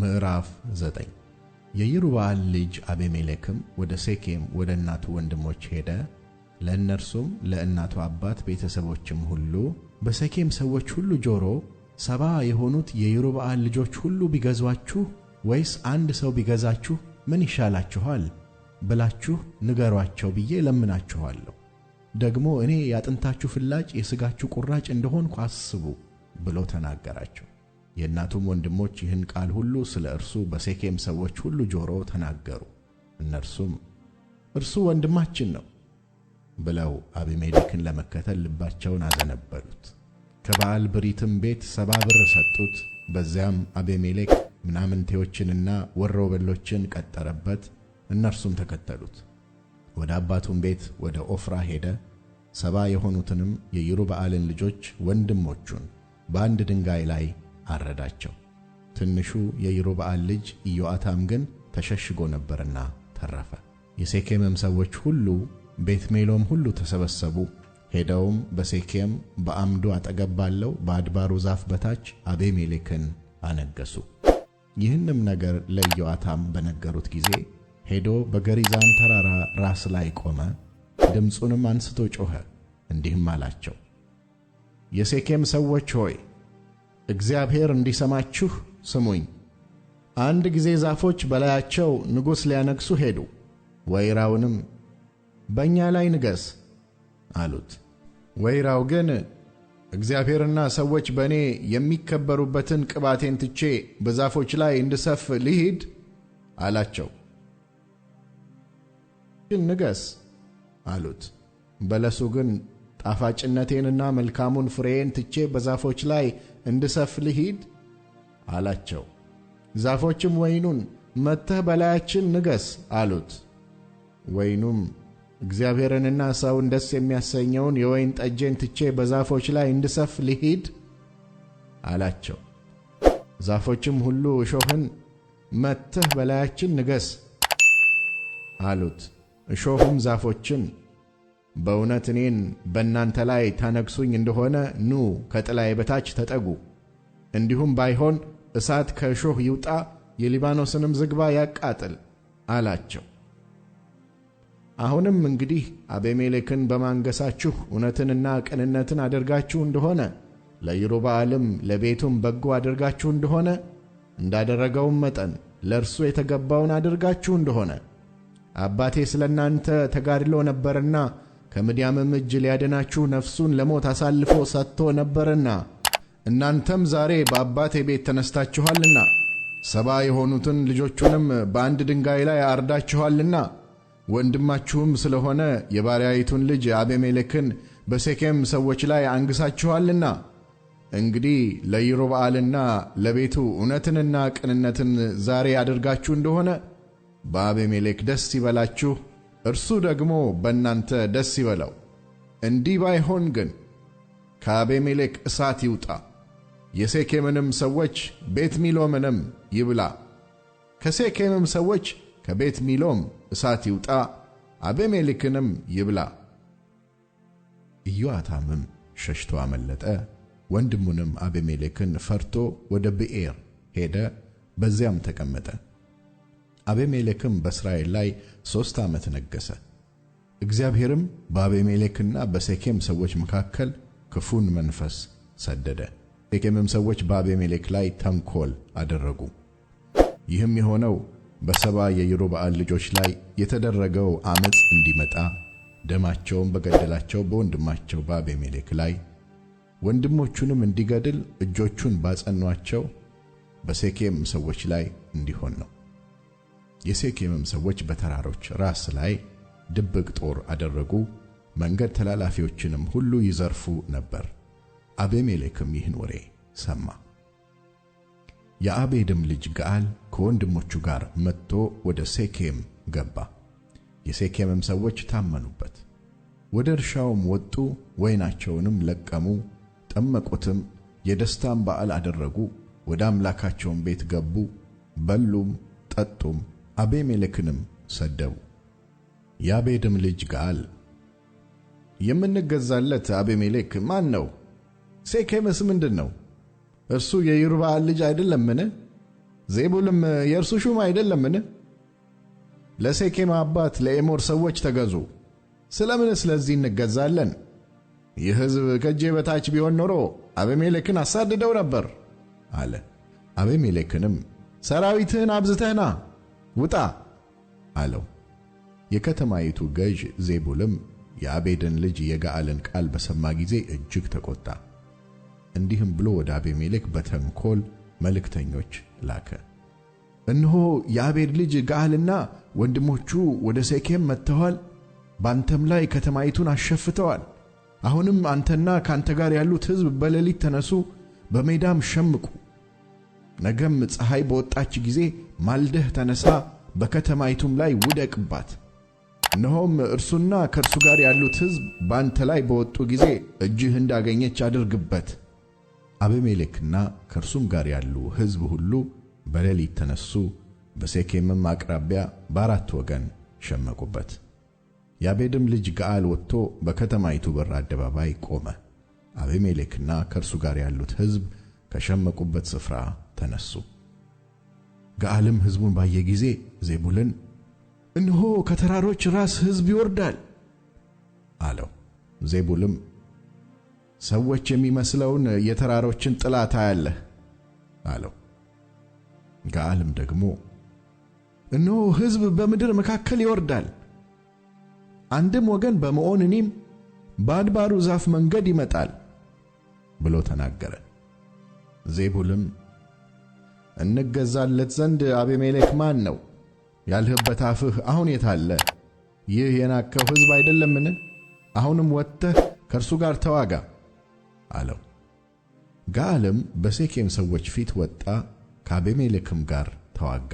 ምዕራፍ 9 የይሩበኣል ልጅ አቤሜሌክም ወደ ሴኬም ወደ እናቱ ወንድሞች ሄደ፤ ለእነርሱም ለእናቱ አባት ቤተሰቦችም ሁሉ በሴኬም ሰዎች ሁሉ ጆሮ ሰባ የሆኑት የይሩበኣል ልጆች ሁሉ ቢገዟችሁ ወይስ አንድ ሰው ቢገዛችሁ ምን ይሻላችኋል? ብላችሁ ንገሯቸው ብዬ ለምናችኋለሁ። ደግሞ እኔ የአጥንታችሁ ፍላጭ የሥጋችሁ ቁራጭ እንደሆንኩ አስቡ ብሎ ተናገራቸው። የእናቱም ወንድሞች ይህን ቃል ሁሉ ስለ እርሱ በሴኬም ሰዎች ሁሉ ጆሮ ተናገሩ። እነርሱም እርሱ ወንድማችን ነው ብለው አቢሜሌክን ለመከተል ልባቸውን አዘነበሉት። ከበዓል ብሪትም ቤት ሰባ ብር ሰጡት። በዚያም አቤሜሌክ ምናምንቴዎችንና ወሮበሎችን ቀጠረበት፣ እነርሱም ተከተሉት። ወደ አባቱም ቤት ወደ ኦፍራ ሄደ። ሰባ የሆኑትንም በዓልን ልጆች ወንድሞቹን በአንድ ድንጋይ ላይ አረዳቸው። ትንሹ የይሩበዓል ልጅ ኢዮአታም ግን ተሸሽጎ ነበርና ተረፈ። የሴኬምም ሰዎች ሁሉ ቤት ሜሎም ሁሉ ተሰበሰቡ። ሄደውም በሴኬም በአምዱ አጠገብ ባለው በአድባሩ ዛፍ በታች አቤሜሌክን አነገሱ። ይህንም ነገር ለኢዮአታም በነገሩት ጊዜ ሄዶ በገሪዛን ተራራ ራስ ላይ ቆመ፣ ድምፁንም አንስቶ ጮኸ፣ እንዲህም አላቸው፦ የሴኬም ሰዎች ሆይ እግዚአብሔር እንዲሰማችሁ ስሙኝ። አንድ ጊዜ ዛፎች በላያቸው ንጉሥ ሊያነግሡ ሄዱ። ወይራውንም በእኛ ላይ ንገሥ አሉት። ወይራው ግን እግዚአብሔርና ሰዎች በእኔ የሚከበሩበትን ቅባቴን ትቼ በዛፎች ላይ እንድሰፍ ልሂድ አላቸው። ግን ንገሥ አሉት። በለሱ ግን ጣፋጭነቴንና መልካሙን ፍሬዬን ትቼ በዛፎች ላይ እንድሰፍልህ ሂድ አላቸው። ዛፎችም ወይኑን መጥተህ በላያችን ንገስ አሉት። ወይኑም እግዚአብሔርንና ሰውን ደስ የሚያሰኘውን የወይን ጠጄን ትቼ በዛፎች ላይ እንድሰፍ ልሂድ አላቸው። ዛፎችም ሁሉ እሾህን መጥተህ በላያችን ንገስ አሉት። እሾሁም ዛፎችን በእውነት እኔን በእናንተ ላይ ታነግሱኝ እንደሆነ ኑ ከጥላዬ በታች ተጠጉ። እንዲሁም ባይሆን እሳት ከእሾህ ይውጣ፣ የሊባኖስንም ዝግባ ያቃጥል አላቸው። አሁንም እንግዲህ አቤሜሌክን በማንገሳችሁ እውነትንና ቅንነትን አድርጋችሁ እንደሆነ ለይሩባአልም ለቤቱም በጎ አድርጋችሁ እንደሆነ እንዳደረገውም መጠን ለእርሱ የተገባውን አድርጋችሁ እንደሆነ አባቴ ስለ እናንተ ተጋድሎ ነበርና ከምድያምም እጅ ሊያድናችሁ ነፍሱን ለሞት አሳልፎ ሰጥቶ ነበርና እናንተም ዛሬ በአባቴ ቤት ተነስታችኋልና ሰባ የሆኑትን ልጆቹንም በአንድ ድንጋይ ላይ አርዳችኋልና ወንድማችሁም ስለሆነ የባሪያይቱን ልጅ አቤሜሌክን በሴኬም ሰዎች ላይ አንግሳችኋልና እንግዲህ ለይሮብዓልና ለቤቱ እውነትንና ቅንነትን ዛሬ አድርጋችሁ እንደሆነ በአቤሜሌክ ደስ ይበላችሁ። እርሱ ደግሞ በእናንተ ደስ ይበለው። እንዲህ ባይሆን ግን ከአቤሜሌክ እሳት ይውጣ፣ የሴኬምንም ሰዎች ቤት ሚሎምንም ይብላ። ከሴኬምም ሰዎች ከቤት ሚሎም እሳት ይውጣ፣ አቤሜሌክንም ይብላ። ኢዮአታምም ሸሽቶ አመለጠ። ወንድሙንም አቤሜሌክን ፈርቶ ወደ ብኤር ሄደ፣ በዚያም ተቀመጠ። አቤሜሌክም በእስራኤል ላይ ሦስት ዓመት ነገሠ። እግዚአብሔርም በአቤሜሌክና በሴኬም ሰዎች መካከል ክፉን መንፈስ ሰደደ። ሴኬምም ሰዎች በአቤሜሌክ ላይ ተንኰል አደረጉ። ይህም የሆነው በሰባ የይሩበዓል ልጆች ላይ የተደረገው ዓመፅ እንዲመጣ ደማቸውም በገደላቸው በወንድማቸው በአቤሜሌክ ላይ ወንድሞቹንም እንዲገድል እጆቹን ባጸኗቸው በሴኬም ሰዎች ላይ እንዲሆን ነው። የሴኬምም ሰዎች በተራሮች ራስ ላይ ድብቅ ጦር አደረጉ፣ መንገድ ተላላፊዎችንም ሁሉ ይዘርፉ ነበር። አቤሜሌክም ይህን ወሬ ሰማ። የአቤድም ልጅ ገዓል ከወንድሞቹ ጋር መጥቶ ወደ ሴኬም ገባ። የሴኬምም ሰዎች ታመኑበት። ወደ እርሻውም ወጡ፣ ወይናቸውንም ለቀሙ፣ ጠመቁትም፣ የደስታም በዓል አደረጉ። ወደ አምላካቸውም ቤት ገቡ፣ በሉም ጠጡም። አቤሜሌክንም ሰደቡ። የአቤድም ልጅ ጋል የምንገዛለት አቤሜሌክ ማን ነው? ሴኬምስ ምንድን ነው? እርሱ የይሩበዓል ልጅ አይደለምን? ዜቡልም የእርሱ ሹም አይደለምን? ለሴኬም አባት ለኤሞር ሰዎች ተገዙ። ስለምን ስለዚህ እንገዛለን? ይህ ሕዝብ ከእጄ በታች ቢሆን ኖሮ አቤሜሌክን አሳድደው ነበር አለ። አቤሜሌክንም ሰራዊትህን አብዝተህና ውጣ አለው። የከተማይቱ ገዥ ዜቡልም የአቤድን ልጅ የጋአልን ቃል በሰማ ጊዜ እጅግ ተቆጣ። እንዲህም ብሎ ወደ አቤሜሌክ በተንኮል መልእክተኞች ላከ። እነሆ የአቤድ ልጅ ጋአልና ወንድሞቹ ወደ ሴኬም መጥተዋል፣ ባንተም ላይ ከተማይቱን አሸፍተዋል። አሁንም አንተና ካንተ ጋር ያሉት ሕዝብ በሌሊት ተነሱ፣ በሜዳም ሸምቁ ነገም ፀሐይ በወጣች ጊዜ ማልደህ ተነሳ፣ በከተማይቱም ላይ ውደቅባት። እነሆም እርሱና ከእርሱ ጋር ያሉት ሕዝብ በአንተ ላይ በወጡ ጊዜ እጅህ እንዳገኘች አድርግበት። አቤሜሌክና ከእርሱም ጋር ያሉ ሕዝብ ሁሉ በሌሊት ተነሱ፣ በሴኬምም አቅራቢያ በአራት ወገን ሸመቁበት። የአቤድም ልጅ ገዓል ወጥቶ በከተማይቱ በር አደባባይ ቆመ። አቤሜሌክና ከእርሱ ጋር ያሉት ሕዝብ ከሸመቁበት ስፍራ ተነሱ። ገዓልም ሕዝቡን ባየ ጊዜ ዜቡልን እነሆ ከተራሮች ራስ ሕዝብ ይወርዳል አለው። ዜቡልም ሰዎች የሚመስለውን የተራሮችን ጥላ ታያለህ አለው። ገዓልም ደግሞ እነሆ ሕዝብ በምድር መካከል ይወርዳል፣ አንድም ወገን በመዖንኒም በአድባሩ ዛፍ መንገድ ይመጣል ብሎ ተናገረ። ዜቡልም እንገዛለት ዘንድ አቤሜሌክ ማን ነው? ያልህበት አፍህ አሁን አለ ይህ የናከው ሕዝብ አይደለምን? አሁንም ወጥተህ ከእርሱ ጋር ተዋጋ አለው። ጋአልም በሴኬም ሰዎች ፊት ወጣ፣ ከአቤሜሌክም ጋር ተዋጋ።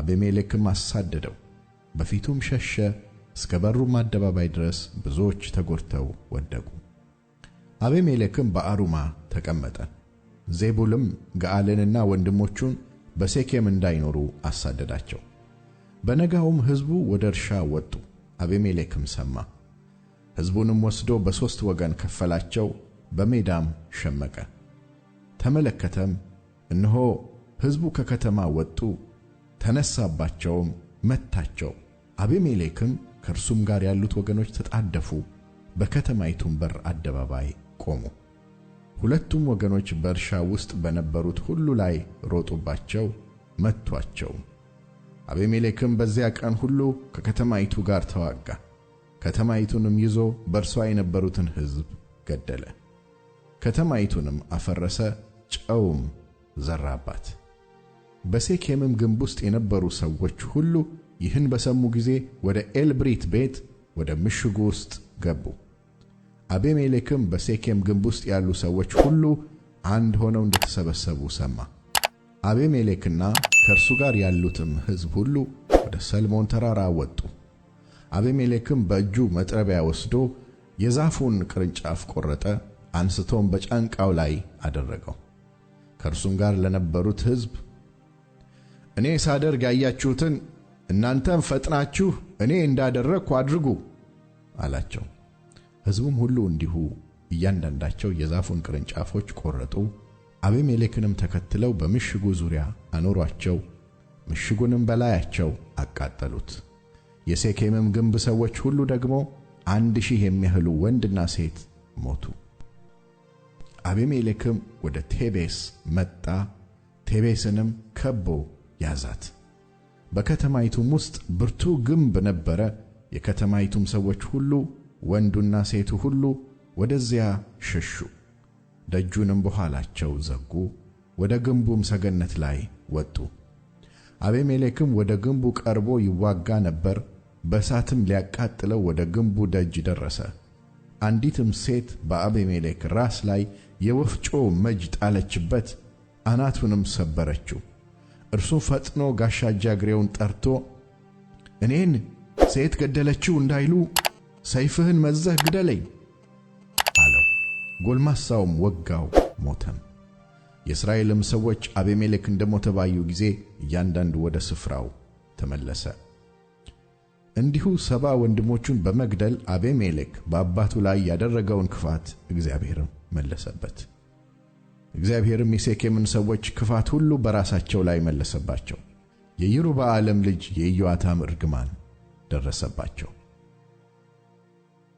አቤሜሌክም አሳደደው፣ በፊቱም ሸሸ። እስከ በሩም አደባባይ ድረስ ብዙዎች ተጎድተው ወደቁ። አቤሜሌክም በአሩማ ተቀመጠ። ዜቡልም ገዓልንና ወንድሞቹን በሴኬም እንዳይኖሩ አሳደዳቸው። በነጋውም ሕዝቡ ወደ እርሻ ወጡ። አቤሜሌክም ሰማ። ሕዝቡንም ወስዶ በሦስት ወገን ከፈላቸው፣ በሜዳም ሸመቀ። ተመለከተም፣ እነሆ ሕዝቡ ከከተማ ወጡ። ተነሳባቸውም፣ መታቸው። አቤሜሌክም ከእርሱም ጋር ያሉት ወገኖች ተጣደፉ፣ በከተማይቱም በር አደባባይ ቆሙ። ሁለቱም ወገኖች በእርሻ ውስጥ በነበሩት ሁሉ ላይ ሮጡባቸው፣ መቷቸው። አቤሜሌክም በዚያ ቀን ሁሉ ከከተማይቱ ጋር ተዋጋ፣ ከተማይቱንም ይዞ በእርሷ የነበሩትን ሕዝብ ገደለ። ከተማይቱንም አፈረሰ፣ ጨውም ዘራባት። በሴኬምም ግንብ ውስጥ የነበሩ ሰዎች ሁሉ ይህን በሰሙ ጊዜ ወደ ኤልብሪት ቤት ወደ ምሽጉ ውስጥ ገቡ። አቤሜሌክም በሴኬም ግንብ ውስጥ ያሉ ሰዎች ሁሉ አንድ ሆነው እንደተሰበሰቡ ሰማ። አቤሜሌክና ከእርሱ ጋር ያሉትም ሕዝብ ሁሉ ወደ ሰልሞን ተራራ ወጡ። አቤሜሌክም በእጁ መጥረቢያ ወስዶ የዛፉን ቅርንጫፍ ቆረጠ አንስቶም በጫንቃው ላይ አደረገው። ከእርሱም ጋር ለነበሩት ሕዝብ እኔ ሳደርግ ያያችሁትን እናንተም ፈጥናችሁ እኔ እንዳደረግኩ አድርጉ አላቸው። ሕዝቡም ሁሉ እንዲሁ እያንዳንዳቸው የዛፉን ቅርንጫፎች ቆረጡ አቤሜሌክንም ተከትለው በምሽጉ ዙሪያ አኖሯቸው፣ ምሽጉንም በላያቸው አቃጠሉት። የሴኬምም ግንብ ሰዎች ሁሉ ደግሞ አንድ ሺህ የሚያህሉ ወንድና ሴት ሞቱ። አቤሜሌክም ወደ ቴቤስ መጣ፣ ቴቤስንም ከቦ ያዛት። በከተማይቱም ውስጥ ብርቱ ግንብ ነበረ። የከተማይቱም ሰዎች ሁሉ ወንዱና ሴቱ ሁሉ ወደዚያ ሸሹ። ደጁንም በኋላቸው ዘጉ፣ ወደ ግንቡም ሰገነት ላይ ወጡ። አቤሜሌክም ወደ ግንቡ ቀርቦ ይዋጋ ነበር፤ በእሳትም ሊያቃጥለው ወደ ግንቡ ደጅ ደረሰ። አንዲትም ሴት በአቤሜሌክ ራስ ላይ የወፍጮ መጅ ጣለችበት፣ አናቱንም ሰበረችው። እርሱ ፈጥኖ ጋሻ ጃግሬውን ጠርቶ እኔን ሴት ገደለችው እንዳይሉ ሰይፍህን መዘህ ግደለኝ አለው። ጎልማሳውም ወጋው፣ ሞተም። የእስራኤልም ሰዎች አቤሜሌክ እንደ ሞተ ባዩ ጊዜ እያንዳንዱ ወደ ስፍራው ተመለሰ። እንዲሁ ሰባ ወንድሞቹን በመግደል አቤሜሌክ በአባቱ ላይ ያደረገውን ክፋት እግዚአብሔርም መለሰበት። እግዚአብሔርም የሴኬምን ሰዎች ክፋት ሁሉ በራሳቸው ላይ መለሰባቸው። የይሩበዓልም ልጅ የኢዮአታም እርግማን ደረሰባቸው።